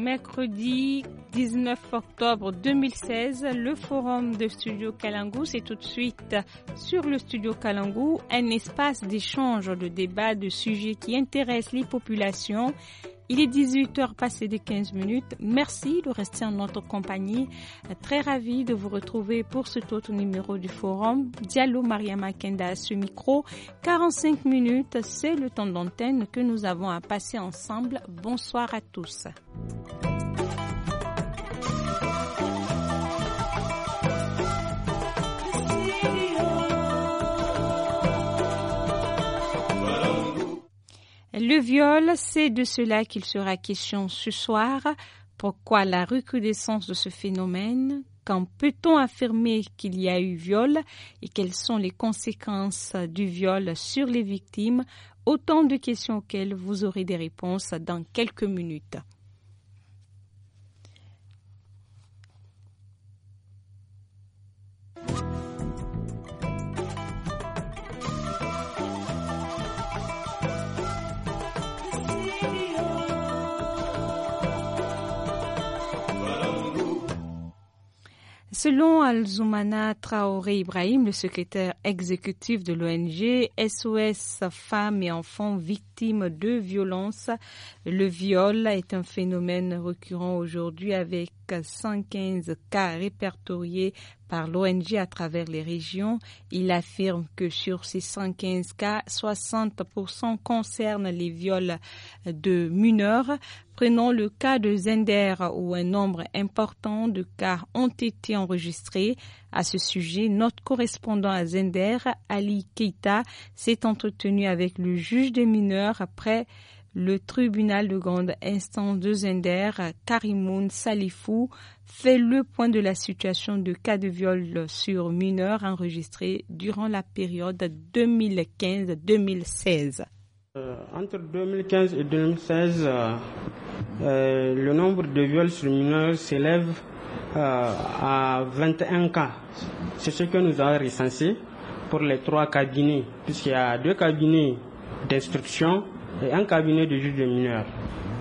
mercredi 19 octobre 2016, le forum de Studio Kalangou. C'est tout de suite sur le Studio Kalangou, un espace d'échange, de débat, de sujets qui intéressent les populations il est 18h passé des 15 minutes. Merci de rester en notre compagnie. Très ravi de vous retrouver pour cet autre numéro du forum. Diallo Maria Makenda, à ce micro. 45 minutes, c'est le temps d'antenne que nous avons à passer ensemble. Bonsoir à tous. Le viol, c'est de cela qu'il sera question ce soir. Pourquoi la recrudescence de ce phénomène Quand peut-on affirmer qu'il y a eu viol et quelles sont les conséquences du viol sur les victimes Autant de questions auxquelles vous aurez des réponses dans quelques minutes. Selon Alzoumana Traoré Ibrahim, le secrétaire exécutif de l'ONG SOS Femmes et Enfants Victimes de Violences, le viol est un phénomène récurrent aujourd'hui avec 115 cas répertoriés par l'ONG à travers les régions. Il affirme que sur ces 115 cas, 60% concernent les viols de mineurs. Prenons le cas de Zender où un nombre important de cas ont été enregistrés. À ce sujet, notre correspondant à Zender, Ali Keita, s'est entretenu avec le juge des mineurs après le tribunal de grande instance de Zender, Karimoun Salifou, fait le point de la situation de cas de viol sur mineurs enregistrés durant la période 2015-2016. Euh, entre 2015 et 2016, euh, euh, le nombre de viols sur mineurs s'élève à 21 cas. C'est ce que nous avons recensé pour les trois cabinets, puisqu'il y a deux cabinets d'instruction et un cabinet de juge de mineurs.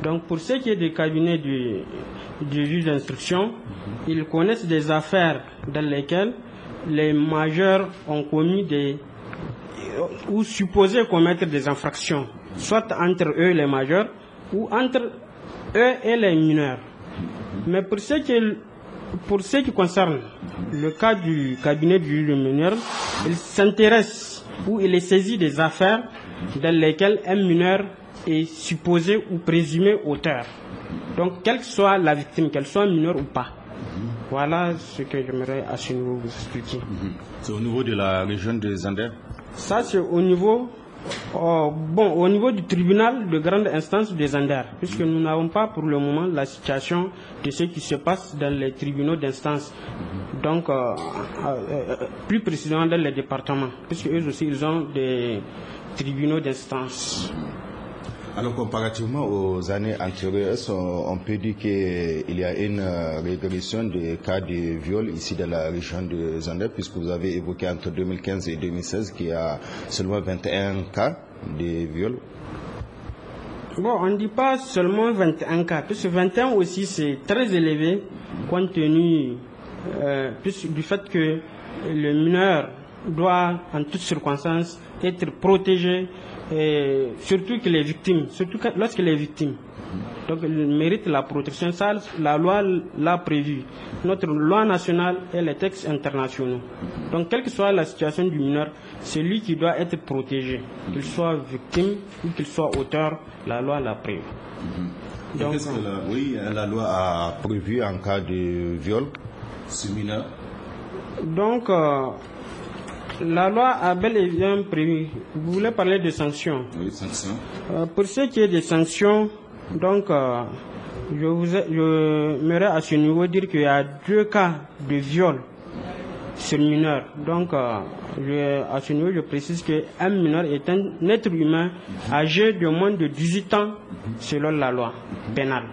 Donc pour ceux qui est du cabinet du, juge d'instruction, mhm. ils connaissent des affaires dans lesquelles les majeurs ont commis des ou supposé commettre des infractions, soit entre eux les majeurs ou entre eux et les mineurs. Mhm. Mais pour ce qui, pour qui concerne mhm. le cas du cabinet du juge de mineur, il s'intéresse ou il est saisi des affaires dans lesquels un mineur est supposé ou présumé auteur. Donc, quelle que soit la victime, qu'elle soit mineure ou pas. Voilà ce que j'aimerais à ce niveau vous expliquer. Mhm. C'est au niveau de la région des Zander Ça, c'est au niveau. Oh, bon, au niveau du tribunal de grande instance des Anders, puisque nous n'avons pas pour le moment la situation de ce qui se passe dans les tribunaux d'instance, donc euh, euh, euh, plus précisément dans les départements, puisque eux aussi ils ont des, tribunaux d'instance. Alors comparativement aux années antérieures, on peut dire qu'il y a une euh, régression des cas de viol ici dans la région de Zander, puisque vous avez évoqué entre 2015 et 2016 qu'il y a seulement 21 cas de viol. Bon, on ne dit pas seulement 21 cas, puisque 21 aussi c'est très élevé compte tenu euh, du fait que le mineur doit en toutes circonstances être protégé, et euh, surtout que les victimes, surtout lorsqu'il est victime. Donc il mérite la protection, ça la loi l'a prévu. Notre loi nationale et les textes internationaux. Donc quelle que soit la situation du mineur, c'est lui qui doit être protégé, qu'il soit victime ou qu'il soit auteur, la loi l'a prévu. Donc, oui, hein, la loi a prévu en cas de viol Ce mineur Donc, euh, la loi a bel et bien prévu. Vous voulez parler de sanctions Oui, sanctions. Euh, pour ce qui est des sanctions, donc, euh, je, vous, à ce niveau dire qu'il y a deux cas de viol sur mineur. Donc, euh, à ce niveau, je précise qu'un mineur est un être humain âgé de moins de 18 ans selon la loi pénale.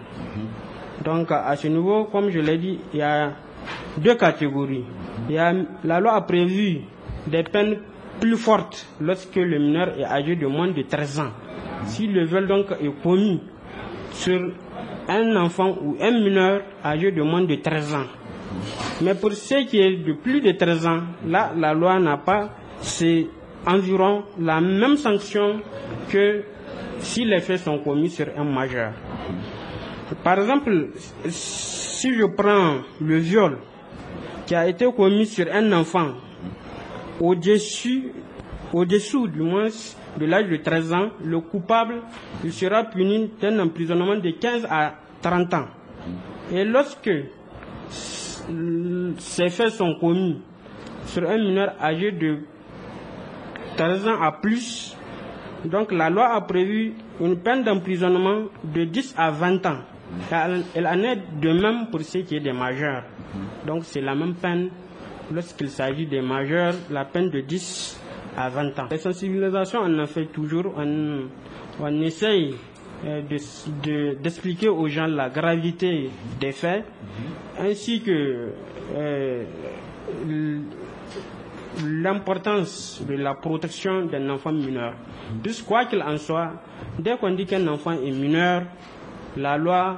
Donc, à ce niveau, comme je l'ai dit, il y a deux catégories. la loi a prévu des peines plus fortes lorsque le mineur est âgé de moins de 13 ans. Si le viol donc est commis sur un enfant ou un mineur âgé de moins de 13 ans, mais pour ceux qui est de plus de 13 ans, là, la loi n'a pas, c'est environ la même sanction que si les faits sont commis sur un majeur. Par exemple, si je prends le viol qui a été commis sur un enfant au-dessus, au-dessous du moins de l'âge de 13 ans, le coupable il sera puni d'un emprisonnement de 15 à 30 ans. Et lorsque ces faits sont commis sur un mineur âgé de 13 ans à plus, donc la loi a prévu une peine d'emprisonnement de 10 à 20 ans. Elle en est de même pour ce qui est des majeurs. Donc c'est la même peine lorsqu'il s'agit des majeurs, la peine de 10 à 20 ans. La sensibilisation, on en fait toujours, on, essaye euh, d'expliquer aux gens la gravité des faits, ainsi que euh, l'importance de la protection d'un enfant mineur. De quoi qu'il en soit, dès qu'on dit qu'un enfant est mineur, la loi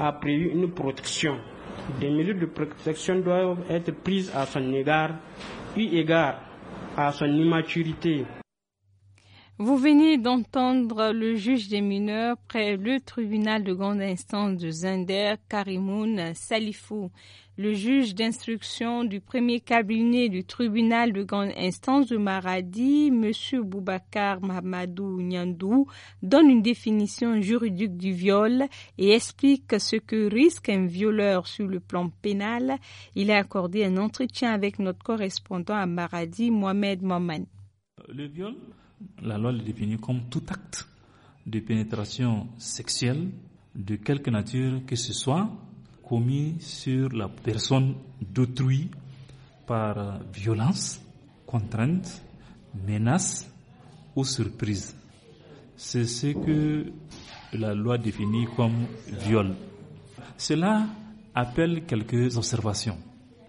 a prévu une protection des mesures de protection doivent être prises à son égard, eu égard à son immaturité vous venez d'entendre le juge des mineurs près le tribunal de grande instance de Zinder, Karimoun Salifou. Le juge d'instruction du premier cabinet du tribunal de grande instance de Maradi, M. Boubacar Mahamadou Nyandou, donne une définition juridique du viol et explique ce que risque un violeur sur le plan pénal. Il a accordé un entretien avec notre correspondant à Maradi, Mohamed Maman. Le viol la loi le définit comme tout acte de pénétration sexuelle de quelque nature que ce soit commis sur la personne d'autrui par violence, contrainte, menace ou surprise. C'est ce que la loi définit comme viol. Cela appelle quelques observations.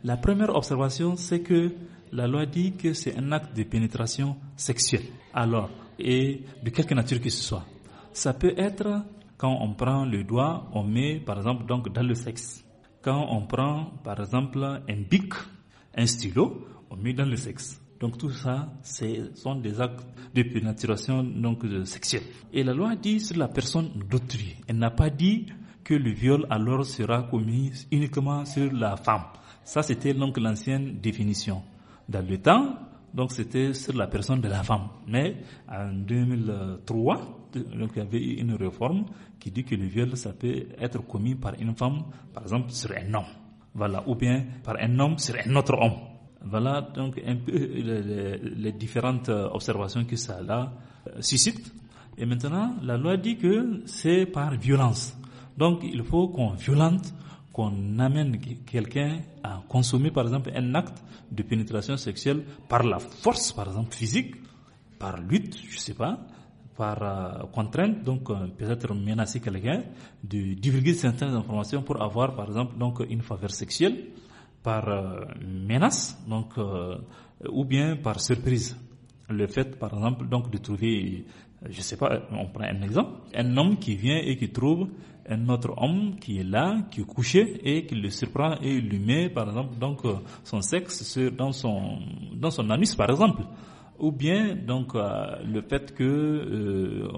La première observation, c'est que la loi dit que c'est un acte de pénétration sexuelle. Alors, et de quelque nature que ce soit. Ça peut être quand on prend le doigt, on met par exemple donc dans le sexe. Quand on prend par exemple un bic, un stylo, on met dans le sexe. Donc tout ça, ce sont des actes de pénétration donc euh, sexuelle. Et la loi dit sur la personne d'autrui. Elle n'a pas dit que le viol alors sera commis uniquement sur la femme. Ça c'était donc l'ancienne définition dans le temps, donc c'était sur la personne de la femme. Mais en 2003, donc il y avait une réforme qui dit que le viol, ça peut être commis par une femme, par exemple, sur un homme. Voilà, ou bien par un homme sur un autre homme. Voilà donc un peu les, différentes observations que ça euh, suscite. Et maintenant, la loi dit que c'est par violence. Donc il faut qu'on violente qu'on amène quelqu'un à consommer par exemple un acte de pénétration sexuelle par la force par exemple physique, par lutte, je sais pas, par euh, contrainte, donc euh, peut-être menacer quelqu'un de divulguer certaines informations pour avoir par exemple donc une faveur sexuelle par euh, menace donc ou bien par surprise. Le fait par exemple donc de trouver je sais pas, on prend un exemple, un homme qui vient et qui trouve un autre homme qui est là, qui est couché et qui le surprend et lui met, par exemple, donc euh, son sexe dans son dans son anus, par exemple ou bien donc euh, le fait que euh,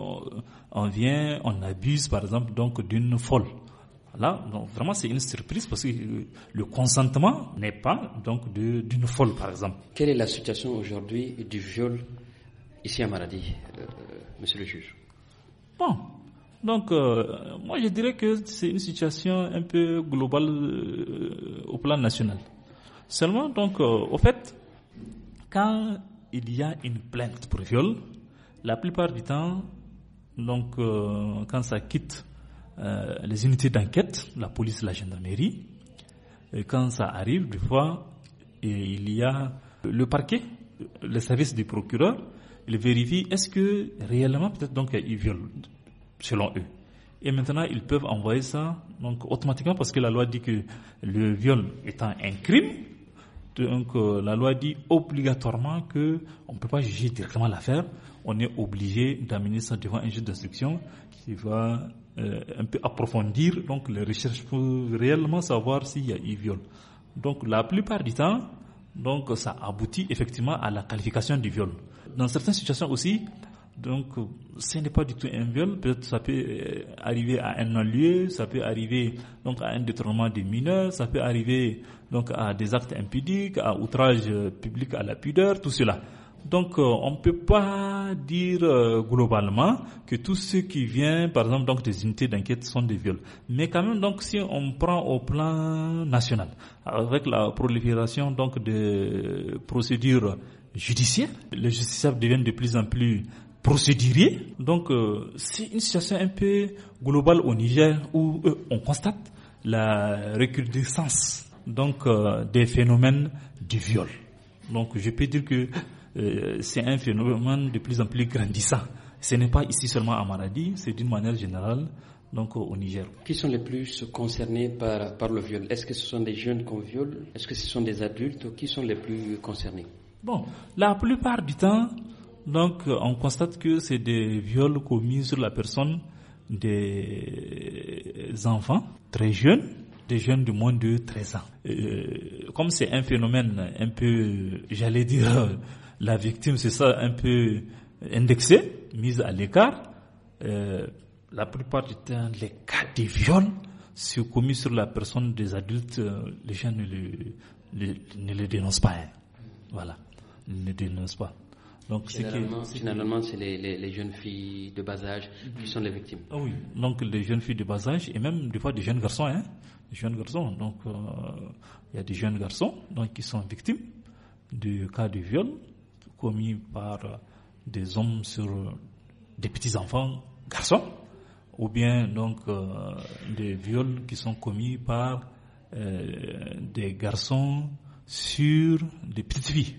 on vient, on abuse par exemple donc d'une folle. Là, donc, vraiment c'est une surprise parce que le consentement n'est pas donc d'une folle par exemple. Quelle est la situation aujourd'hui du viol ici à Maradi, Monsieur le juge Bon, donc, euh, moi, je dirais que c'est une situation un peu globale euh, au plan national. Seulement, donc, euh, au fait, quand il y a une plainte pour viol, la plupart du temps, donc, quand ça quitte les unités d'enquête, la police, la gendarmerie, et quand ça arrive, des fois, il y a le parquet, le service du procureur, il vérifie est-ce que réellement, peut-être, donc, il viole selon eux. Et maintenant, ils peuvent envoyer ça donc, automatiquement parce que la loi dit que le viol étant un crime, donc euh, la loi dit obligatoirement que on ne peut pas juger directement l'affaire, on est obligé d'amener ça devant un juge d'instruction qui va euh, un peu approfondir donc les recherches pour réellement savoir s'il y a eu viol. Donc la plupart du temps, donc ça aboutit effectivement à la qualification du viol. Dans certaines situations aussi, donc, ce n'est pas du tout un viol. Peut-être ça peut euh, arriver à un non-lieu, ça peut arriver donc à un détournement des mineurs, ça peut arriver donc à des actes impudiques, à outrage euh, public à la pudeur, tout cela. Donc, euh, on ne peut pas dire globalement que tout ce qui vient, par exemple, donc des unités d'enquête sont des viols. Mais quand même, donc, si on prend au plan national, avec la prolifération donc de procédures judiciaires, les justiciables deviennent de plus en plus procédurier. Donc c'est euh, une situation un peu globale au Niger où euh, on constate la recrudescence donc euh, des phénomènes du viol. Donc je peux dire que c'est un phénomène de plus en plus grandissant. Ce n'est pas ici seulement à Maradi, c'est d'une manière générale donc au Niger. Qui sont les plus concernés par, par le viol Est-ce que ce sont des jeunes qu'on viole Est-ce que ce sont des adultes Qui sont les plus concernés Bon, la plupart du temps, donc, on constate que c'est des viols commis sur la personne des enfants très jeunes, des jeunes de moins de 13 ans. Euh, comme c'est un phénomène un peu, j'allais dire, la victime, c'est ça, un peu indexé, mise à l'écart, euh, la plupart du temps, les cas de viols sont commis sur la personne des adultes, euh, les gens ne le, ne dénoncent pas. Hein. Voilà, ne le dénoncent pas. Donc, généralement, c'est les, jeunes filles de bas âge qui mhm. sont les victimes. Ah oui, donc les jeunes filles de bas âge et même des fois des jeunes garçons, hein. des jeunes garçons. Donc, euh, il y a des jeunes garçons donc, qui sont victimes du cas de viol commis par des hommes sur des petits enfants garçons, ou bien donc euh, des viols qui sont commis par euh, des garçons sur des petites filles.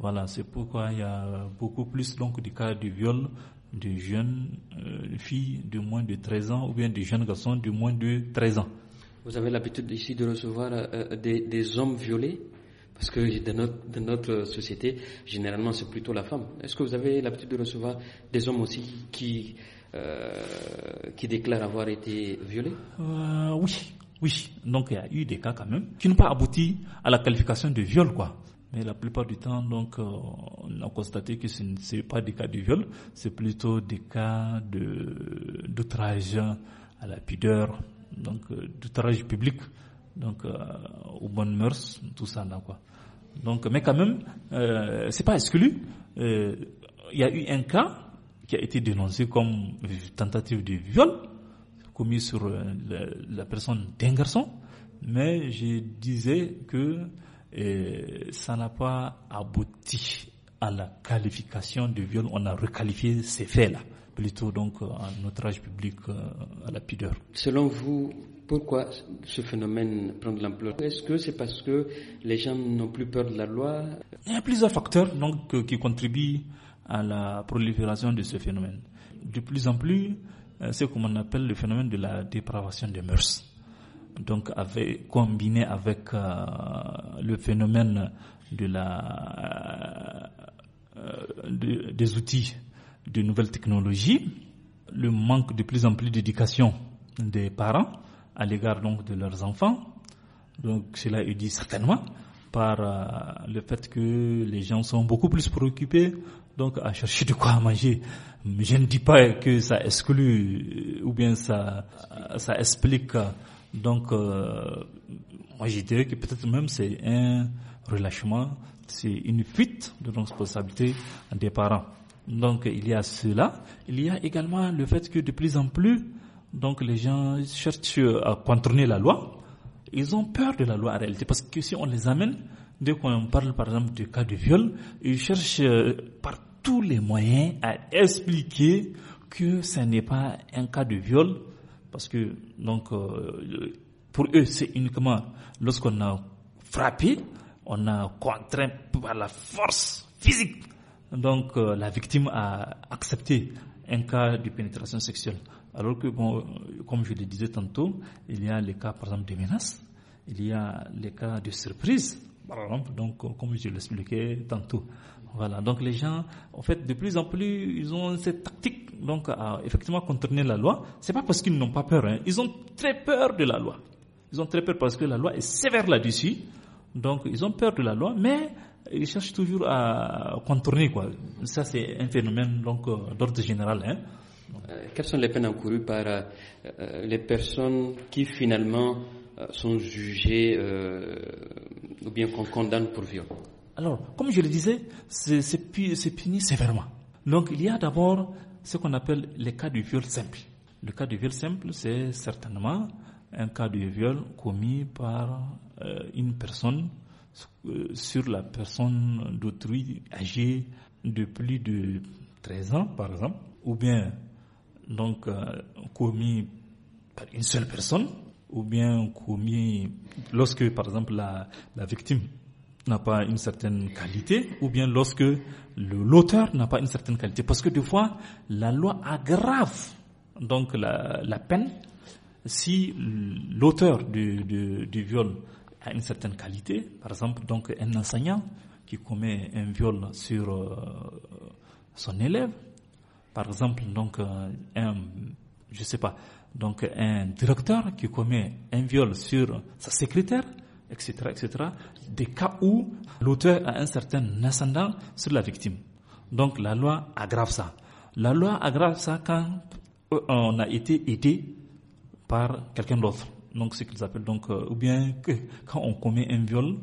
Voilà, c'est pourquoi il y a beaucoup plus donc du cas de viol de jeunes euh, filles de moins de 13 ans ou bien de jeunes garçons de moins de 13 ans. Vous avez l'habitude ici de recevoir euh, euh, des, hommes violés Parce que dans notre, société, généralement, c'est plutôt la femme. Est-ce que vous avez l'habitude de recevoir des hommes aussi qui, qui déclarent avoir été violés Oui, oui. Donc il y a eu des cas quand même qui n'ont pas abouti à la qualification de viol, quoi. Mais la plupart du temps, donc, euh, on a constaté que ce n'est pas des cas de viol, c'est plutôt des cas de d'outrage à la pudeur, donc euh, d'outrage public, donc euh, aux bonnes mœurs, tout ça, là, quoi. Donc, mais quand même, c'est pas exclu. Il y a eu un cas qui a été dénoncé comme tentative de viol commis sur la personne d'un garçon, mais je disais que et ça n'a pas abouti à la qualification de viol. On a requalifié ces faits-là, plutôt donc euh, en outrage public euh, à la pudeur. Selon vous, pourquoi ce phénomène prend de l'ampleur Est-ce que c'est parce que les gens n'ont plus peur de la loi Il y a plusieurs facteurs donc, euh, qui contribuent à la prolifération de ce phénomène. De plus en plus, c'est ce qu'on appelle le phénomène de la dépravation des mœurs donc avait combiné avec euh, le phénomène de la, euh, des outils de nouvelles technologies, le manque de plus en plus d'éducation des parents à l'égard donc de leurs enfants. Donc cela est dit certainement par euh, le fait que les gens sont beaucoup plus préoccupés donc à chercher de quoi manger. Je ne dis pas que ça exclut ou bien ça ça explique donc, euh, moi je dirais que peut-être même c'est un relâchement, c'est une fuite de responsabilité des parents. Donc il y a cela, il y a également le fait que de plus en plus, donc les gens cherchent euh, à contourner la loi. Ils ont peur de la loi en réalité parce que si on les amène, dès qu'on parle par exemple du cas de viol, ils cherchent euh, par tous les moyens à expliquer que ce n'est pas un cas de viol, parce que, donc, euh, pour eux, c'est uniquement lorsqu'on a frappé, on a contraint par la force physique. Donc, euh, la victime a accepté un cas de pénétration sexuelle. Alors que, bon, euh, comme je le disais tantôt, il y a les cas, par exemple, de menaces, il y a les cas de surprise, par exemple, donc, comme je l'expliquais tantôt. Voilà, donc les gens, en fait, de plus en plus, ils ont cette tactique, donc, à effectivement contourner la loi. C'est pas parce qu'ils n'ont pas peur, hein. ils ont très peur de la loi. Ils ont très peur parce que la loi est sévère là-dessus. Donc, ils ont peur de la loi, mais ils cherchent toujours à contourner, quoi. Ça, c'est un phénomène, donc, euh, d'ordre général, hein. euh, Quelles sont les peines encourues par euh, les personnes qui finalement sont jugées ou bien qu'on condamne pour viol alors, comme je le disais, c'est puni sévèrement. Donc, il y a d'abord ce qu'on appelle les cas de viol simple. Le cas de viol simple, c'est certainement un cas de viol commis par euh, une personne euh, sur la personne d'autrui âgée de plus de 13 ans, par exemple, ou bien donc euh, commis par une seule personne, ou bien commis lorsque, par exemple, la victime n'a pas une certaine qualité ou bien lorsque l'auteur n'a pas une certaine qualité. Parce que des fois, la loi aggrave donc la, peine si l'auteur du, viol a une certaine qualité. Par exemple, donc un enseignant qui commet un viol sur euh, son élève, par exemple, donc euh, un, je sais pas, donc un directeur qui commet un viol sur sa secrétaire, etc., etc., des cas où l'auteur a un certain ascendant sur la victime. Donc la loi aggrave ça. La loi aggrave ça quand on a été aidé par quelqu'un d'autre. Donc ce qu'ils appellent donc, euh, ou bien que, quand on commet un viol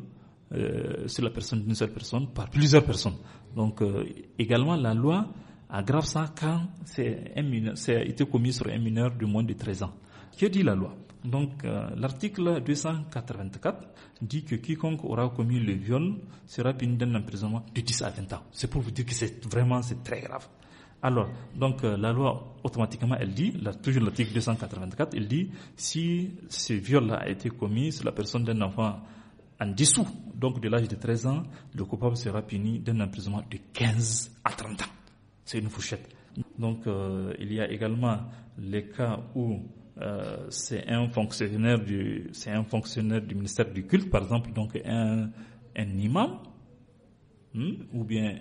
euh, sur la personne d'une seule personne par plusieurs personnes. Donc euh, également la loi aggrave ça quand c'est un a été commis sur un mineur de moins de 13 ans. Que dit la loi donc euh, l'article 284 dit que quiconque aura commis le viol sera puni d'un emprisonnement de 10 à 20 ans. C'est pour vous dire que c'est vraiment c'est très grave. Alors, donc euh, la loi automatiquement elle dit, là, toujours l'article 284, elle dit si ce viol a été commis sur la personne d'un enfant en dessous, donc de l'âge de 13 ans, le coupable sera puni d'un emprisonnement de 15 à 30 ans. C'est une fourchette. Donc euh, il y a également les cas où euh, c'est un fonctionnaire du c'est un fonctionnaire du ministère du culte par exemple donc un, un imam hmm, ou bien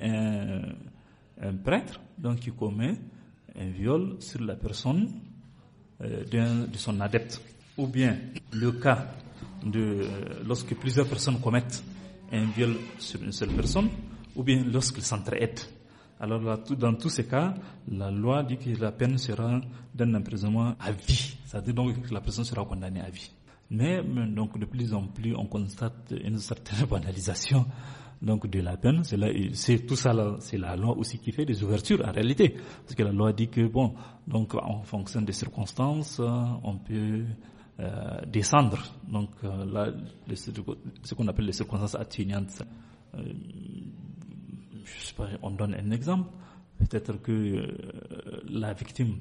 un, prêtre donc qui commet un viol sur la personne euh, de son adepte ou bien le cas de euh, lorsque plusieurs personnes commettent un viol sur une seule personne ou bien lorsqu'ils s'entraident alors là, dans tous ces cas, la loi dit que la peine sera d'un emprisonnement à vie. Ça dit donc que la personne sera condamnée à vie. Mais donc de plus en plus, on constate une certaine banalisation donc de la peine. C'est tout ça, c'est la loi aussi qui fait des ouvertures en réalité, parce que la loi dit que bon, donc en fonction des circonstances, euh, on peut euh, descendre. Donc euh, là, ce qu'on appelle les circonstances atténuantes. Euh, on donne un exemple, peut-être que euh, la victime,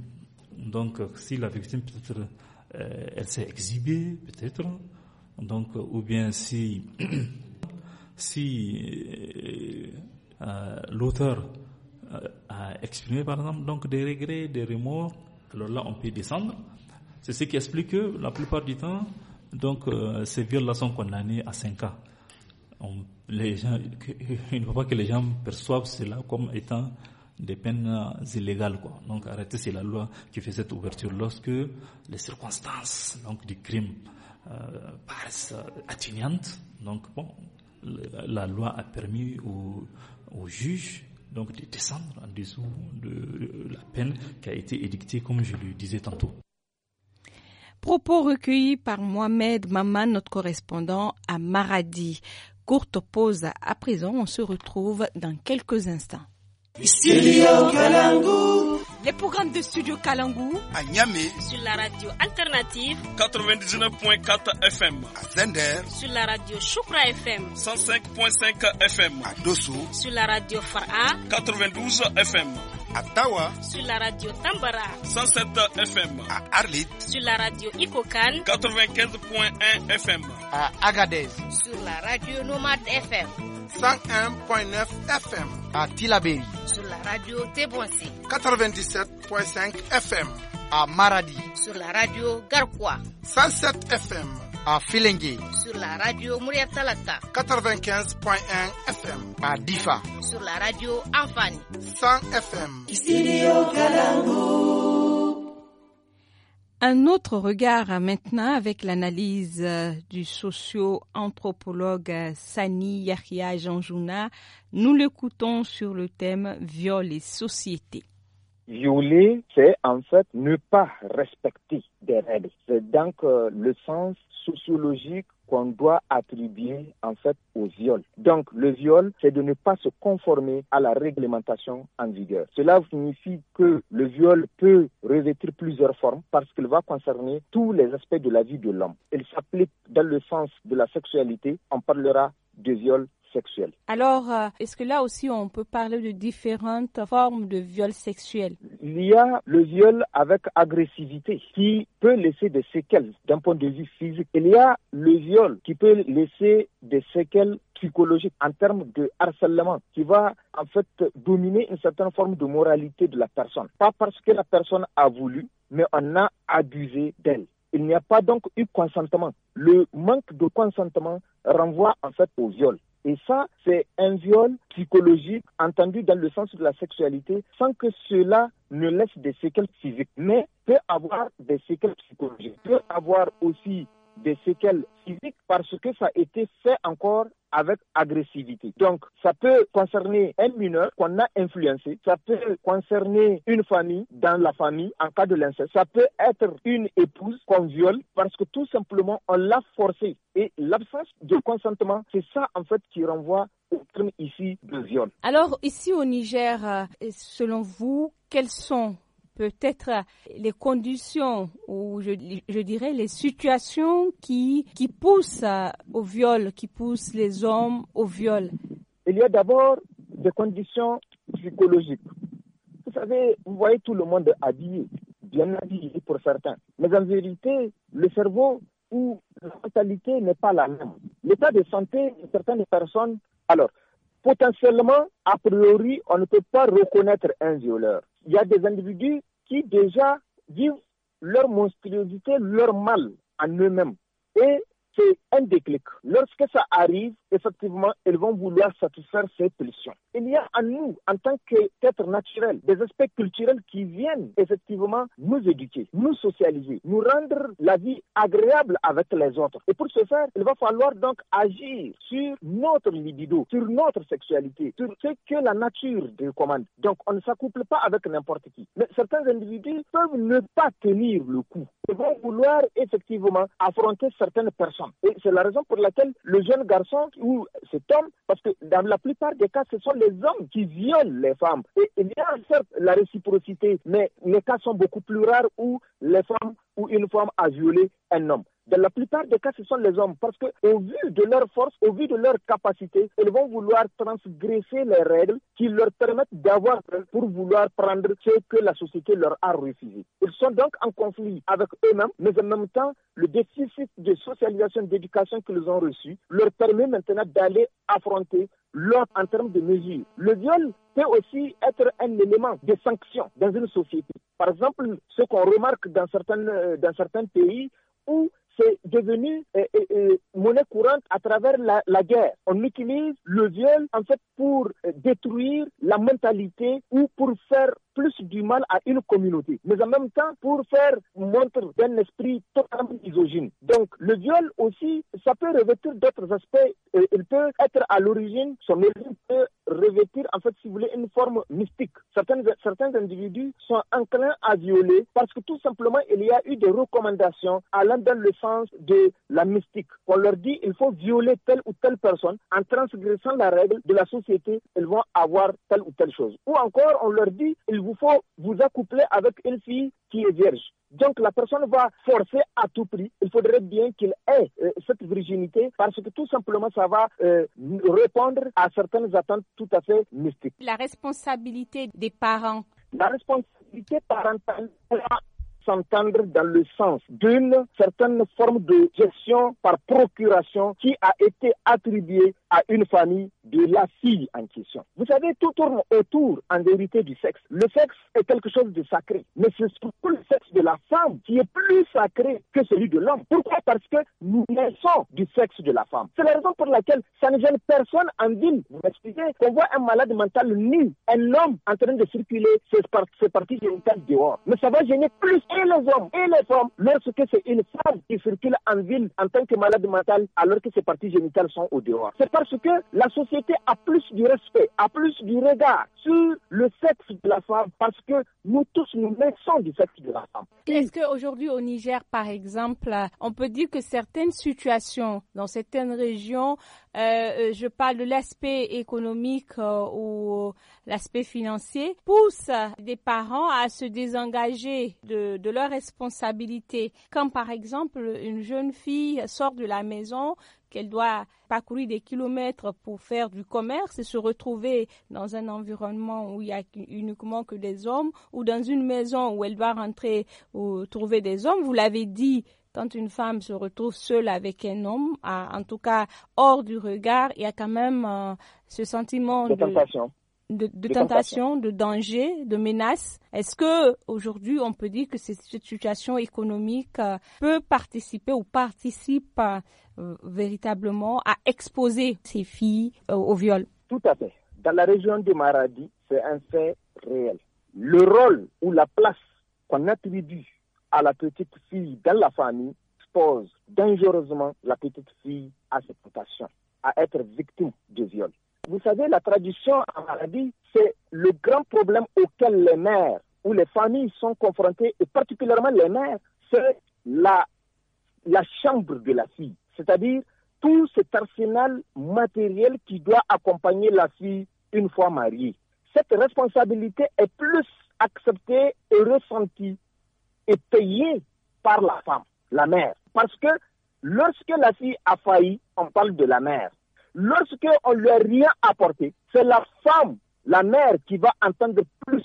donc si la victime peut-être euh, elle s'est exhibée, peut-être, donc ou bien si si euh, l'auteur a exprimé par exemple donc des regrets, des remords, alors là on peut descendre. C'est ce qui explique que la plupart du temps, donc ces viols-là sont condamnés à 5 ans les gens, il ne faut pas que les gens perçoivent cela comme étant des peines illégales. Quoi. Donc arrêter, c'est la loi qui fait cette ouverture lorsque les circonstances donc, du crime euh, paraissent Donc bon, la loi a permis au, au juge donc, de descendre en dessous de la peine qui a été édictée, comme je le disais tantôt. Propos recueillis par Mohamed Maman, notre correspondant à Maradi. Courte pause à présent, on se retrouve dans quelques instants. Les programmes de Studio Kalangu à Niamey sur la radio alternative 99.4 FM à Zender sur la radio Choukra FM 105.5 FM à Dosso sur la radio Farah 92 FM à Tawa sur la radio Tambara 107 FM à Arlit sur la radio Ikokan 95.1 FM à Agadez sur la radio Nomade FM 101.9 FM à Tilaberi sur la radio Tebouassi 97.5 FM à Maradi sur la radio Garkwa 107 FM à Sur la radio Mouria Talata. 95.1 FM à Difa. Sur la radio Anfani. 100 FM. un autre regard maintenant avec l'analyse euh, du socio-anthropologue euh, Sani Yahya Janjouna. Nous l'écoutons sur le thème viol et société. Violer, c'est en fait ne pas respecter des règles. C'est donc euh, le sens sociologique qu'on doit attribuer en fait au viol. Donc le viol, c'est de ne pas se conformer à la réglementation en vigueur. Cela signifie que le viol peut revêtir plusieurs formes parce qu'il va concerner tous les aspects de la vie de l'homme. Il s'applique dans le sens de la sexualité, on parlera de viol alors, euh, est-ce que là aussi on peut parler de différentes formes de viol sexuel Il y a le viol avec agressivité qui peut laisser des séquelles d'un point de vue physique. Il y a le viol qui peut laisser des séquelles psychologiques en termes de harcèlement qui va en fait dominer une certaine forme de moralité de la personne. Pas parce que la personne a voulu, mais on a abusé d'elle. Il n'y a pas donc eu consentement. Le manque de consentement renvoie en fait au viol. Et ça, c'est un viol psychologique entendu dans le sens de la sexualité sans que cela ne laisse des séquelles physiques, mais peut avoir des séquelles psychologiques, peut avoir aussi des séquelles physiques parce que ça a été fait encore avec agressivité. Donc, ça peut concerner un mineur qu'on a influencé, ça peut concerner une famille dans la famille en cas de l'inceste, ça peut être une épouse qu'on viole parce que tout simplement on l'a forcé. Et l'absence de consentement, c'est ça en fait qui renvoie au crime ici de viol. Alors, ici au Niger, euh, selon vous, quels sont peut-être les conditions ou je, dirais les situations qui, qui poussent au viol, qui poussent les hommes au viol Il y a d'abord des conditions psychologiques. Vous savez, vous voyez tout le monde habillé, bien habillé pour certains. Mais en vérité, le cerveau ou la mentalité n'est pas la même. L'état de santé de certaines personnes, alors potentiellement, a priori, on ne peut pas reconnaître un violeur il y a des individus qui déjà vivent leur monstruosité, leur mal en eux-mêmes c'est un déclic. Lorsque ça arrive, effectivement, elles vont vouloir satisfaire ces pulsions. Il y a en nous, en tant qu'êtres naturels, des aspects culturels qui viennent effectivement nous éduquer, nous socialiser, nous rendre la vie agréable avec les autres. Et pour ce faire, il va falloir donc agir sur notre libido, sur notre sexualité, sur ce que la nature nous commande. Donc, on ne s'accouple pas avec n'importe qui. Mais certains individus peuvent ne pas tenir le coup. Ils vont vouloir effectivement affronter certaines personnes et c'est la raison pour laquelle le jeune garçon ou cet homme, parce que dans la plupart des cas, ce sont les hommes qui violent les femmes. Et il y a certes la réciprocité, mais les cas sont beaucoup plus rares où les femmes ou une femme a violé un homme. Dans la plupart des cas, ce sont les hommes parce que, au vu de leur force, au vu de leur capacité, ils vont vouloir transgresser les règles qui leur permettent d'avoir pour vouloir prendre ce que la société leur a refusé. Ils sont donc en conflit avec eux-mêmes, mais en même temps, le déficit de socialisation, d'éducation qu'ils ont reçu leur permet maintenant d'aller affronter l'autre en termes de mesures. Le viol peut aussi être un élément de sanction dans une société. Par exemple, ce qu'on remarque dans certains, euh, dans certains pays où c'est devenu euh, euh, monnaie courante à travers la, la, guerre. On utilise le viol en fait pour détruire la mentalité ou pour faire plus du mal à une communauté, mais en même temps pour faire montre d'un esprit totalement isogène. Donc le viol aussi, ça peut revêtir d'autres aspects. Euh, il peut être à l'origine, son origine peut revêtir en fait, si vous voulez, une forme mystique. Certains, certains individus sont enclins à violer parce que tout simplement il y a eu des recommandations allant dans le sens de la mystique. On leur dit il faut violer telle ou telle personne en transgressant la règle de la société, ils vont avoir telle ou telle chose. Ou encore on leur dit ils vous faut vous accoupler avec une fille qui est vierge. Donc la personne va forcer à tout prix. Il faudrait bien qu'il ait euh, cette virginité parce que tout simplement ça va euh, répondre à certaines attentes tout à fait mystiques. La responsabilité des parents. La responsabilité parentale s'entendre dans le sens d'une certaine forme de gestion par procuration qui a été attribuée à une famille de la fille en question. Vous savez, tout tourne autour, en vérité, du sexe. Le sexe est quelque chose de sacré, mais c'est surtout le sexe de la femme qui est plus sacré que celui de l'homme. Pourquoi Parce que nous naissons du sexe de la femme. C'est la raison pour laquelle ça ne gêne personne en ville. Vous m'expliquez Qu'on voit un malade mental nu, un homme en train de circuler ses, parties génitales dehors. Mais ça va gêner plus et les hommes et les femmes lorsque c'est une femme qui circule en ville en tant que malade mental alors que ses parties génitales sont au dehors. C'est parce parce que la société a plus du respect, a plus du regard sur le sexe de la femme, parce que nous tous nous naissons du sexe de la femme. Est-ce qu'aujourd'hui au Niger, par exemple, on peut dire que certaines situations dans certaines régions, euh, euh, je parle de l'aspect économique euh, ou l'aspect financier, poussent des parents à se désengager de, de leurs responsabilités. Quand par exemple une jeune fille sort de la maison, qu'elle doit parcourir des kilomètres pour faire du commerce et se retrouver dans un environnement où il n'y a uniquement que des hommes ou dans une maison où elle doit rentrer ou trouver des hommes. Vous l'avez dit, quand une femme se retrouve seule avec un homme, en tout cas hors du regard, il y a quand même euh, ce sentiment de, de, de tentations, de danger, de menaces. Est-ce que aujourd'hui on peut dire que cette situation économique euh, peut participer ou participe euh, véritablement à exposer ces filles euh, au viol Tout à fait. Dans la région de Maradi, c'est un fait réel. Le rôle ou la place qu'on attribue à la petite fille dans la famille expose dangereusement la petite fille à cette tentation, à être victime de viol. Vous savez, la tradition en maladie, c'est le grand problème auquel les mères ou les familles sont confrontées, et particulièrement les mères, c'est la, la chambre de la fille. C'est-à-dire tout cet arsenal matériel qui doit accompagner la fille une fois mariée. Cette responsabilité est plus acceptée et ressentie et payée par la femme, la mère. Parce que lorsque la fille a failli, on parle de la mère. Lorsqu'on ne lui a rien apporté, c'est la femme, la mère, qui va entendre plus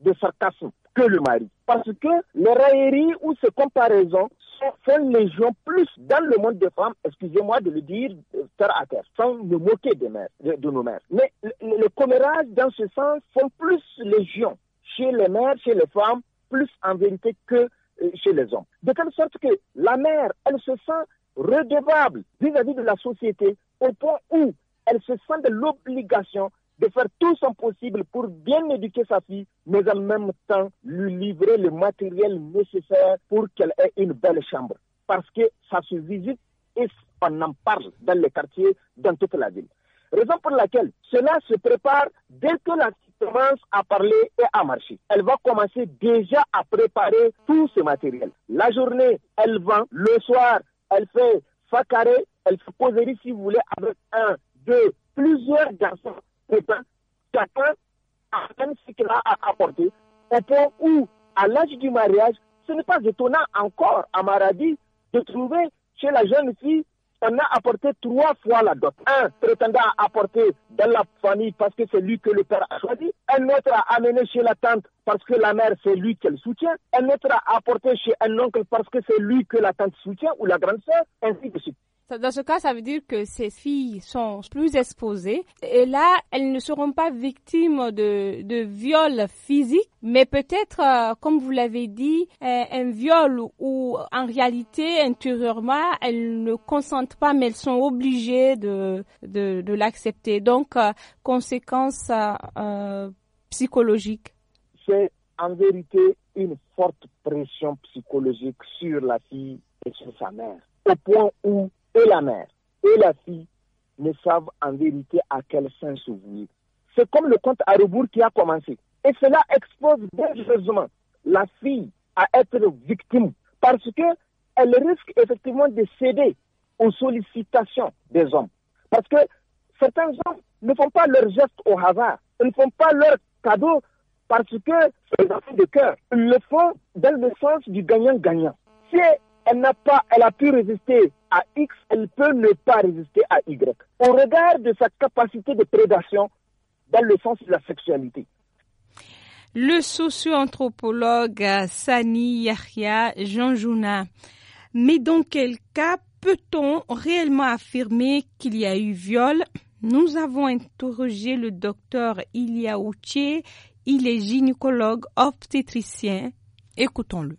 de sarcasme que le mari. Parce que les railleries ou ces comparaisons sont, les légion plus dans le monde des femmes, excusez-moi de le dire euh, terre à terre, sans me moquer mères, de, nos mères. Mais le, commérage, dans ce sens, font plus légion chez les mères, chez les femmes, plus en vérité que euh, chez les hommes. De telle sorte que la mère, elle se sent redevable vis à -vis de la société au point où elle se sent de l'obligation de faire tout son possible pour bien éduquer sa fille, mais en même temps lui livrer le matériel nécessaire pour qu'elle ait une belle chambre. Parce que ça se visite et on en parle dans les quartiers, dans toute la ville. Raison pour laquelle cela se prépare dès que la commence à parler et à marcher. Elle va commencer déjà à préparer tout ce matériel. La journée, elle vend. Le soir, elle fait carré elle se poserait, si vous voulez, avec un, deux, plusieurs garçons chacun amène ce qu'il a à apporter, au point où, à l'âge du mariage, ce n'est pas étonnant encore à Maradi de trouver chez la jeune fille, on a apporté trois fois la dot. Un prétendant à apporter dans la famille parce que c'est lui que le père a choisi. Un autre a amené chez la tante parce que la mère, c'est lui qu'elle soutient. Un autre a apporté chez un oncle parce que c'est lui que la tante soutient ou la grande sœur, ainsi de suite. Dans ce cas, ça veut dire que ces filles sont plus exposées et là, elles ne seront pas victimes de, viol physique, mais peut-être, euh, comme vous l'avez dit, euh, un viol où en réalité, intérieurement, elles ne consentent pas, mais elles sont obligées de, de, l'accepter. Donc, euh, conséquences euh, psychologiques. C'est en vérité une forte pression psychologique sur la fille et sur sa mère, au point où et la mère et la fille ne savent en vérité à quel sens se C'est comme le conte à rebours qui a commencé. Et cela expose dangereusement la fille à être victime parce qu'elle risque effectivement de céder aux sollicitations des hommes. Parce que certains hommes ne font pas leurs gestes au hasard, ils ne font pas leurs cadeaux parce que c'est un de cœur. Ils le font dans le sens du gagnant-gagnant. Si elle n'a pas, elle a pu résister à X, elle peut ne pas résister à Y. Au regard de sa capacité de prédation dans le sens de la sexualité. Le socio-anthropologue euh, Sani Yahya jouna Mais dans quel cas peut-on réellement affirmer qu'il y a eu viol Nous avons interrogé le docteur Ilia Ouché. Il est gynécologue obstétricien. Écoutons-le.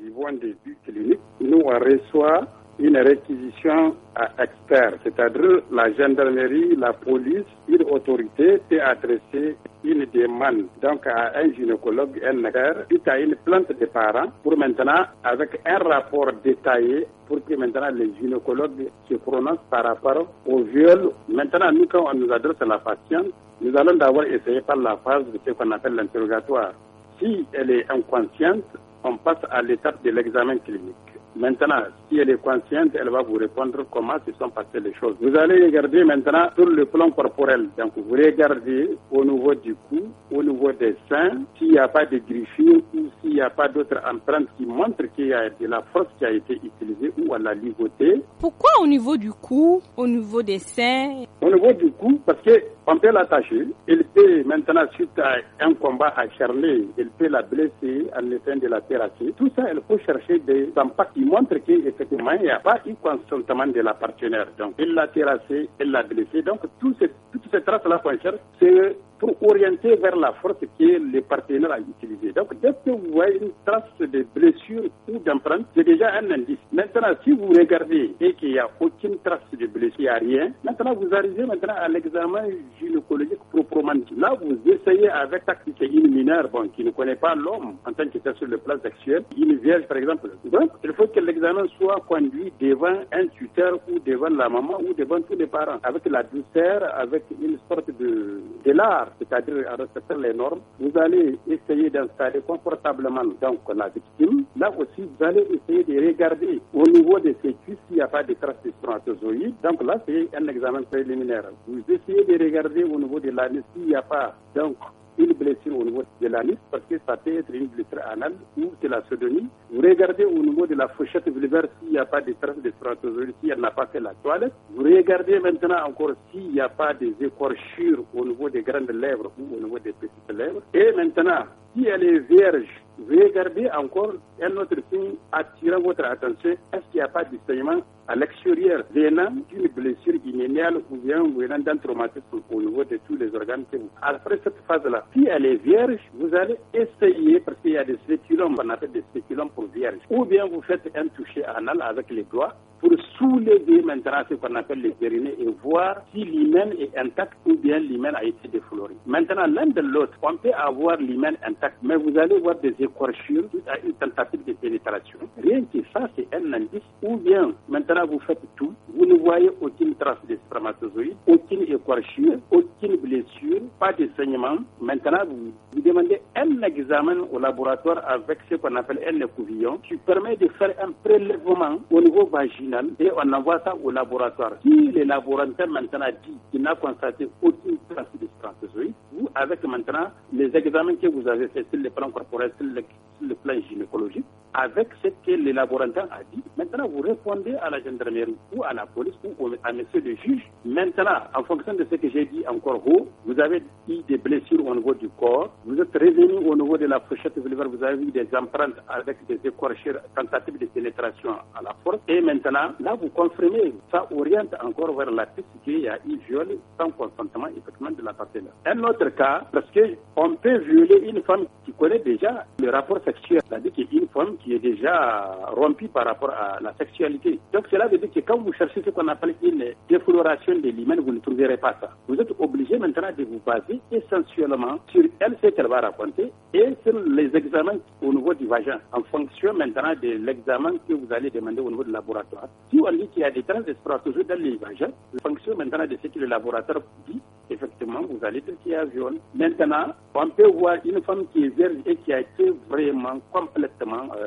nous reçoit une réquisition à experts, c'est-à-dire la gendarmerie, la police, une autorité peut adresser une demande donc à un gynécologue, un expert, suite à une plainte des parents, pour maintenant, avec un rapport détaillé, pour que maintenant les gynécologues se prononcent par rapport au viol. Maintenant, nous, quand on nous adresse à la patiente, nous allons d'abord essayer par la phase de ce qu'on appelle l'interrogatoire. Si elle est inconsciente, on passe à l'étape de l'examen clinique. Maintenant, si elle est consciente, elle va vous répondre comment se sont passées les choses. Vous allez regarder maintenant sur le plan corporel. Donc, vous regardez au niveau du cou, au niveau des seins, s'il n'y a pas de griffures ou s'il n'y a pas d'autres empreintes qui montrent qu'il y a de la force qui a été utilisée ou à la ligotée. Pourquoi au niveau du cou, au niveau des seins Au niveau du cou, parce que on peut l'attacher. Il peut maintenant, suite à un combat acharné, il peut la blesser en l'état de la terrasser. Tout ça, il faut chercher des impacts qui montrent qu'effectivement, il n'y a pas eu consentement de la partenaire. Donc, il l'a terrassée, elle l'a blessée. Donc, tout toutes ces traces-là qu'on cherche, c'est pour orienter vers la force que les partenaires ont utilisée. Donc, dès que vous voyez une trace de blessure ou d'empreinte, c'est déjà un indice. Maintenant, si vous regardez et qu'il n'y a aucune trace de blessure, il n'y a rien, maintenant vous arrivez maintenant à l'examen gynécologique proprement dit. Là, vous essayez avec tactique une mineure bon, qui ne connaît pas l'homme en tant que sur le plan sexuel, une vierge par exemple. Donc, il faut que l'examen soit conduit devant un tuteur ou devant la maman ou devant tous les parents, avec la douceur, avec une sorte de, de l'art c'est-à-dire à respecter les normes, vous allez essayer d'installer confortablement donc la victime. Là aussi, vous allez essayer de regarder au niveau de ses cuisses s'il n'y a pas de traces de Donc là, c'est un examen préliminaire. Vous essayez de regarder au niveau de l'anus s'il n'y a pas donc une blessure au niveau de l'anus, parce que ça peut être une blessure anale ou c'est la sodomie. Vous regardez au niveau de la fourchette vulvaire s'il n'y a pas de traces de spermatozoïdes, si elle n'a pas fait la toilette. Vous regardez maintenant encore s'il n'y a pas des écorchures au niveau des grandes lèvres ou au niveau des petites lèvres. Et maintenant, si elle est vierge, vous garder encore un autre signe attirant votre attention. Est-ce qu'il n'y a pas de saignement à l'extérieur venant d'une blessure guinéniale ou bien venant d'un traumatisme au niveau de tous les organes que vous Après cette phase-là, si elle est vierge, vous allez essayer, parce qu'il y a des spéculums, on appelle des spéculums pour vierge, ou bien vous faites un toucher anal avec les doigts pour soulever maintenant ce qu'on appelle les périnés et voir si l'hymen est intact ou bien l'hymen a été défloré. Maintenant, l'un de l'autre, on peut avoir l'hymen intact, mais vous allez voir des écorchures suite à une tentative de pénétration. Rien que ça, c'est un indice. Ou bien, maintenant, vous faites tout, vous ne voyez aucune trace de spermatozoïdes, aucune écorchure, aucune blessure, pas de saignement. Maintenant, vous, vous demandez un examen au laboratoire avec ce qu'on appelle un écouvillon qui permet de faire un prélèvement au niveau vaginal on envoie ça au laboratoire. Si les laboratoires maintenant dit qu'il n'a constaté aucune trace de stress, vous, avec maintenant les examens que vous avez fait sur le plan corporel, sur le, plan gynécologique, avec ce que les laboratoire a dit, maintenant vous répondez à la gendarmerie ou à la police ou à monsieur le juge. Maintenant, en fonction de ce que j'ai dit encore haut, vous avez eu des blessures au niveau du corps, vous êtes revenu au niveau de la fourchette vulvaire, vous avez eu des empreintes avec des écorchures, tentatives de pénétration à la force, et maintenant, là, vous confirmez, ça oriente encore vers la piste qu'il y a eu viol sans consentement effectivement de la partie Un autre cas, parce qu'on peut violer une femme qui connaît déjà le rapport sexuel, c'est-à-dire une femme qui est déjà rompue par rapport à la sexualité. Donc cela veut dire que quand vous cherchez ce qu'on appelle une défloration de l'hymen, vous ne trouverez pas ça. Vous êtes obligé maintenant de vous baser essentiellement sur elle, ce qu'elle va raconter, et sur les examens au niveau du vagin, en fonction maintenant de l'examen que vous allez demander au niveau du laboratoire. Si à lui qui a des traces d'espoir toujours dans les Le fonction maintenant de ce que le laboratoire dit, effectivement, vous allez dire qu'il y Maintenant, on peut voir une femme qui est vierge et qui a été vraiment complètement euh,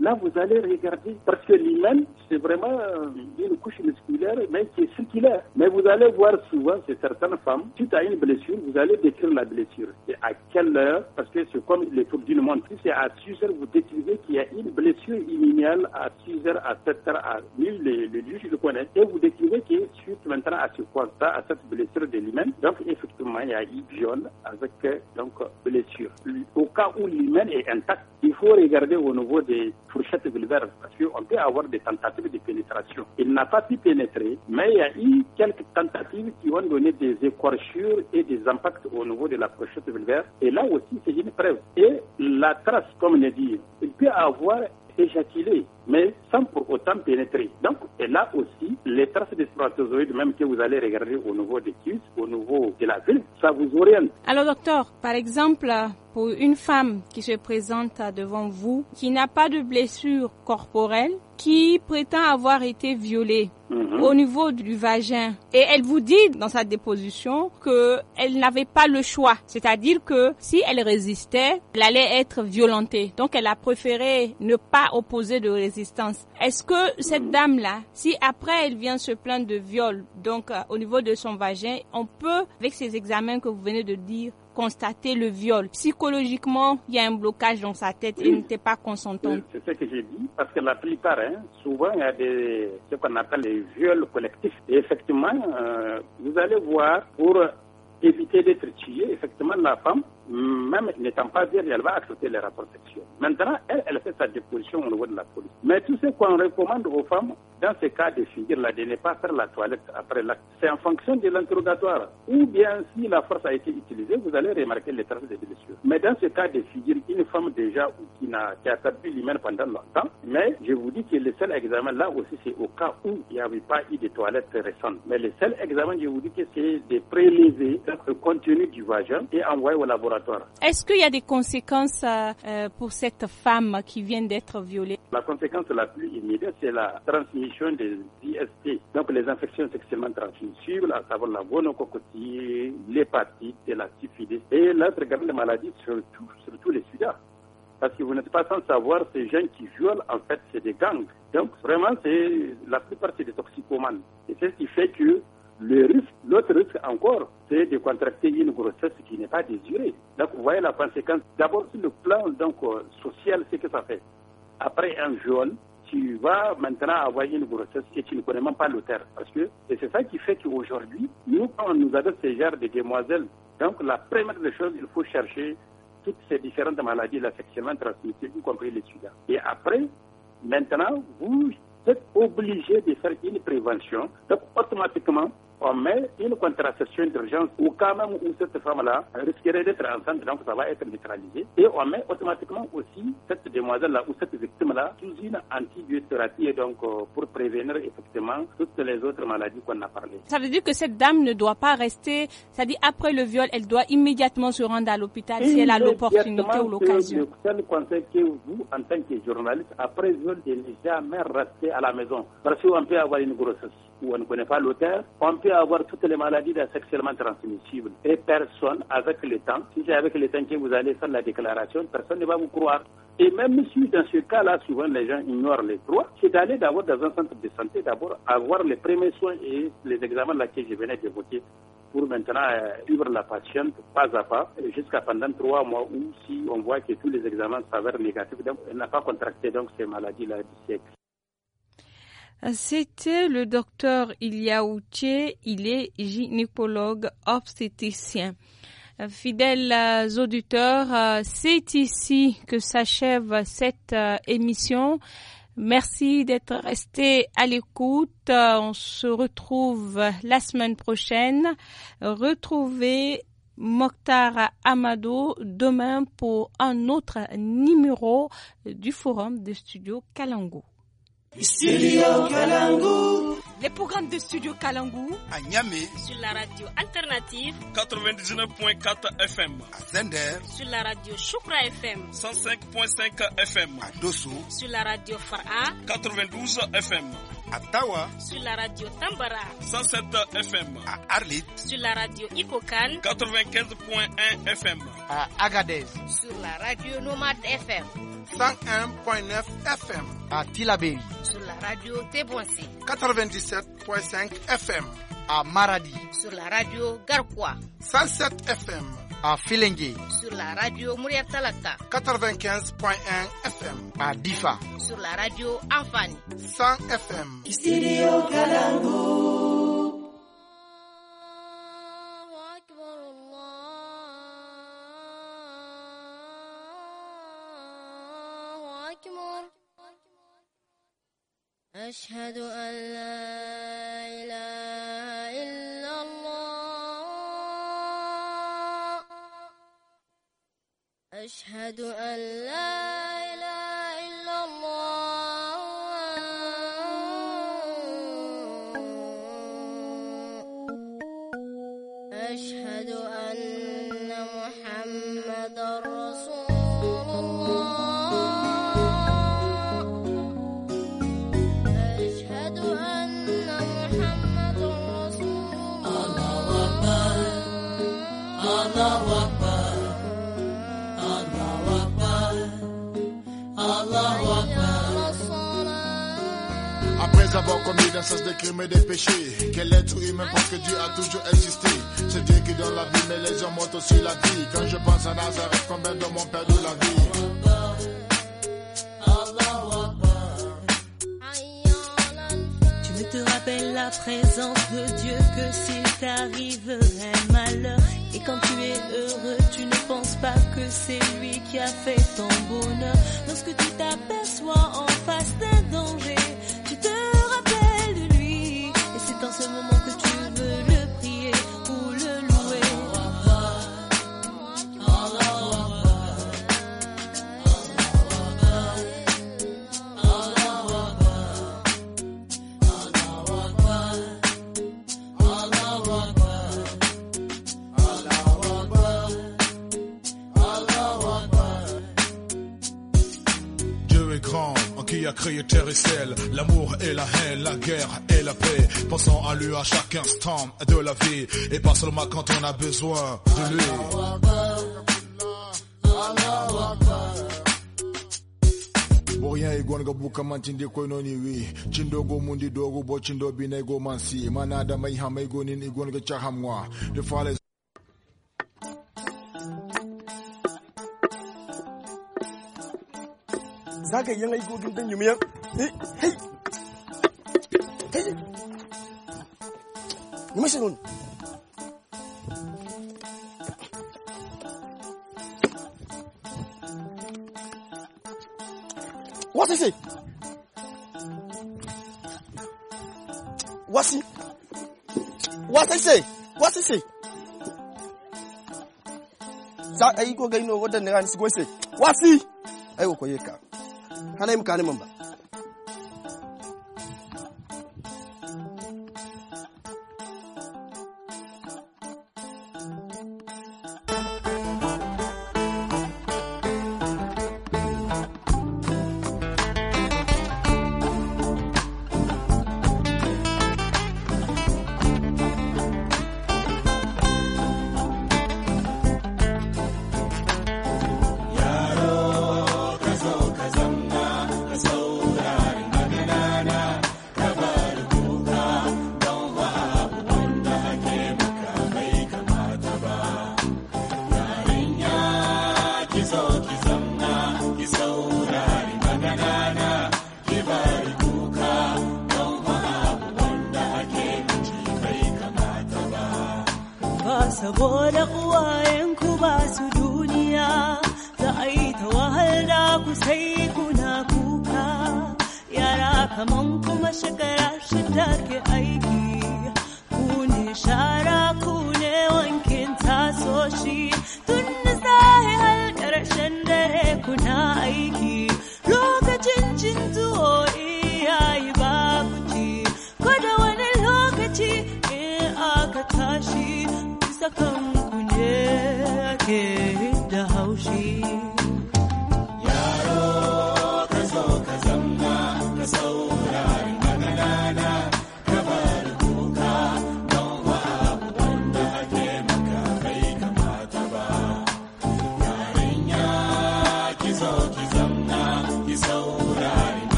Là, vous allez regarder, parce que l'hymen, c'est vraiment euh, une couche musculaire, mais qui est circulaire. Mais vous allez voir souvent, c'est certaines femmes, suite à une blessure, vous allez décrire la blessure. Et à quelle heure, parce que c'est comme les tours d'une montre. Si c'est à 6 heures, vous décrivez qu'il y a une blessure immunale à 6 heures, à 7 heures, à 1000, le juge le connaît. Et vous décrivez que suite maintenant à ce constat, à cette blessure, de l'humain. Donc, effectivement, il y a eu viol avec donc, blessure. Au cas où l'humain est intact, il faut regarder au niveau des fourchettes vulvaires parce qu'on peut avoir des tentatives de pénétration. Il n'a pas pu pénétrer, mais il y a eu quelques tentatives qui ont donné des écorchures et des impacts au niveau de la fourchette vulvaire. Et là aussi, c'est une preuve. Et la trace, comme on dit, il peut avoir éjaculé, mais sans pour autant pénétrer. Donc, et là aussi, les traces de spermatozoïdes, même que vous allez regarder au niveau des cuisses, au niveau de la ville, ça vous oriente. Alors, docteur, par exemple, pour une femme qui se présente devant vous, qui n'a pas de blessure corporelle, qui prétend avoir été violée mhm. au niveau du vagin. Et elle vous dit dans sa déposition que elle n'avait pas le choix. C'est-à-dire que si elle résistait, elle allait être violentée. Donc elle a préféré ne pas opposer de résistance. Est-ce que cette mhm. dame-là, si après elle vient se plaindre de viol, donc euh, au niveau de son vagin, on peut, avec ces examens que vous venez de dire, constater le viol. Psychologiquement, il y a un blocage dans sa tête. Il n'était pas consentant. C'est ce que j'ai dit, parce que la plupart, hein, souvent, il y a des, ce qu'on appelle les viols collectifs. Et effectivement, euh, vous allez voir, pour éviter d'être tué, effectivement, la femme Mm, même n'étant pas vierge, elle va accepter les rapports sexuels. Maintenant, elle, elle fait sa déposition au niveau de la police. Mais tout ce qu'on recommande aux femmes, dans ce cas de figure-là, de ne pas faire la toilette après l'acte, c'est en fonction de l'interrogatoire. Ou bien, si la force a été utilisée, vous allez remarquer les traces de blessures. Mais dans ce cas de figure, une femme déjà qui, n'a, a perdu l'humain pendant longtemps, mais je vous dis que le seul examen là aussi, c'est au cas où il n'y avait pas eu de toilette récente. Mais le seul examen, je vous dis que c'est de prélever le contenu du vagin et envoyer au laboratoire est-ce qu'il y a des conséquences euh, euh, pour cette femme qui vient d'être violée La conséquence la plus immédiate, c'est la transmission des IST, donc les infections sexuellement transmissibles, à savoir la gonococcie, l'hépatite et la syphilis. Et l'autre grande maladie, surtout, surtout les Sudas. Parce que vous n'êtes pas sans savoir, ces gens qui violent, en fait, c'est des gangs. Donc, vraiment, c'est la plupart, c'est des toxicomanes. Et c'est ce qui fait que le risque, l'autre risque encore, c'est de contracter une grossesse qui n'est pas désirée. Donc, vous voyez la conséquence. D'abord, sur le plan donc, euh, social, c'est que ça fait. Après un jaune, tu vas maintenant avoir une grossesse et tu ne connais même pas l'auteur. Parce que, et c'est ça qui fait qu'aujourd'hui, nous, quand on nous adresse ces genres de demoiselles, donc la première des choses, il faut chercher toutes ces différentes maladies, la sexuellement transmissibles, y compris les sida. Et après, maintenant, vous êtes obligé de faire une prévention. Donc, automatiquement, on met une contraception d'urgence ou quand même où cette femme-là risquerait d'être enceinte, donc ça va être neutralisé. Et on met automatiquement aussi cette demoiselle-là ou cette victime-là sous une antibiothérapie, donc euh, pour prévenir effectivement toutes les autres maladies qu'on a parlé. Ça veut dire que cette dame ne doit pas rester, c'est-à-dire après le viol, elle doit immédiatement se rendre à l'hôpital si elle a l'opportunité ou l'occasion. C'est le conseil que vous, en tant que journaliste, après viol, de ne jamais rester à la maison parce qu'on peut avoir une grossesse où on ne connaît pas l'auteur, on peut avoir toutes les maladies sexuellement transmissibles. Et personne, avec le temps, si c'est avec le temps que vous allez faire la déclaration, personne ne va vous croire. Et même si dans ce cas-là, souvent les gens ignorent les droits, c'est d'aller d'abord dans un centre de santé, d'abord avoir les premiers soins et les examens là que je venais d'évoquer pour maintenant euh, suivre la patiente pas à pas jusqu'à pendant trois mois ou si on voit que tous les examens s'avèrent négatifs, donc elle n'a pas contracté donc ces maladies-là du siècle. Euh, c'était le docteur Outier, il est gynécologue obstétricien. Euh, fidèles euh, auditeurs, c'est ici que s'achève cette émission. Merci d'être resté à l'écoute. On se retrouve la semaine prochaine. Retrouvez Mokhtar Amado demain pour un autre numéro du forum de studio Kalango. Studio Kalangu. Les programmes de Studio Kalangu à Niamey sur la radio alternative 99.4 FM à sur la radio Choukra FM 105.5 FM à Dosso sur la radio Farah 92 FM à Tawa sur la radio Tambara 107 FM à Arlit sur la radio Ipokane, 95.1 FM à Agadez sur la radio Nomade FM 101.9 FM à Tilabéri sur la radio Tebouassi 97.5 FM à Maradi sur la radio Garkwa 107 FM à ah, Filengue. Sur la radio Mouria Talaka. 95.1 FM à Difa. Sur la radio Afani. 100 FM. Studio Kalangu. أشهد أن لا أشهد أن لا Combien dans sens des crimes et des péchés. Quel tout humain parce que Dieu a toujours existé C'est Dieu qui donne la vie, mais les hommes ont aussi la vie. Quand je pense à Nazareth, combien de mon père de la vie tu te rappelles la présence de Dieu que s'il t'arriverait malheur et quand tu es heureux tu ne penses pas que c'est lui qui a fait ton bonheur lorsque tu t'aperçois en face d'un danger Créateur terre et l'amour et la haine, la guerre et la paix, Pensons à lui à chaque instant de la vie, et pas seulement quand on a besoin de lui. 啥个样来？跟今天没有？嘿，嘿，嘿，你没事吗？我是谁？我是，我是谁？我是谁？咋？哎，我该你我得那个是么？谁？我是，哎，我可以卡？hana yi muka sai kuka yara kaman kuma shekara shida ke aiki ku ne shara ku ne wankin tasoshi tun da sahi har ƙarshen dare kuna aiki lokacin cin tuwo iyayi babu ci ko da wani lokaci in aka tashi bisa kan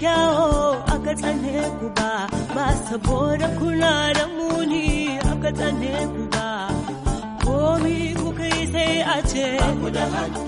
kyawo aka tsane ku ba ba saboda kuna da muni aka tsane ku ba komi kuka yi sai a ce ku da hannu